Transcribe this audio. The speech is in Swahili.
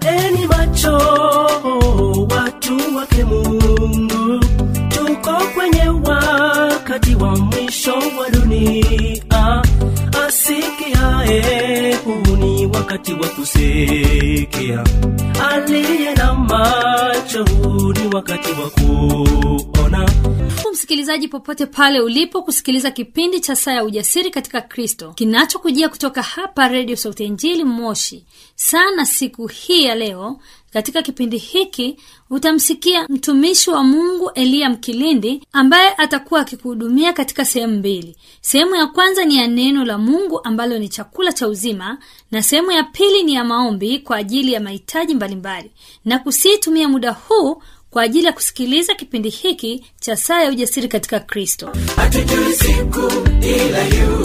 kaeni macho watu wake mungu tuko kwenye wakati wa mwisho wa dunia asikiae huu ni wakati wa kusikia aliye na macho huu ni wakati wa kuona karibu msikilizaji, popote pale ulipo kusikiliza kipindi cha Saa ya Ujasiri katika Kristo kinachokujia kutoka hapa Redio Sauti njili Moshi. Sana siku hii ya leo, katika kipindi hiki utamsikia mtumishi wa Mungu Eliya Mkilindi ambaye atakuwa akikuhudumia katika sehemu mbili. Sehemu ya kwanza ni ya neno la Mungu ambalo ni chakula cha uzima, na sehemu ya pili ni ya maombi kwa ajili ya mahitaji mbalimbali, na kusiitumia muda huu kwa ajili ya kusikiliza kipindi hiki cha saa ya ujasiri katika kristo siku ila yu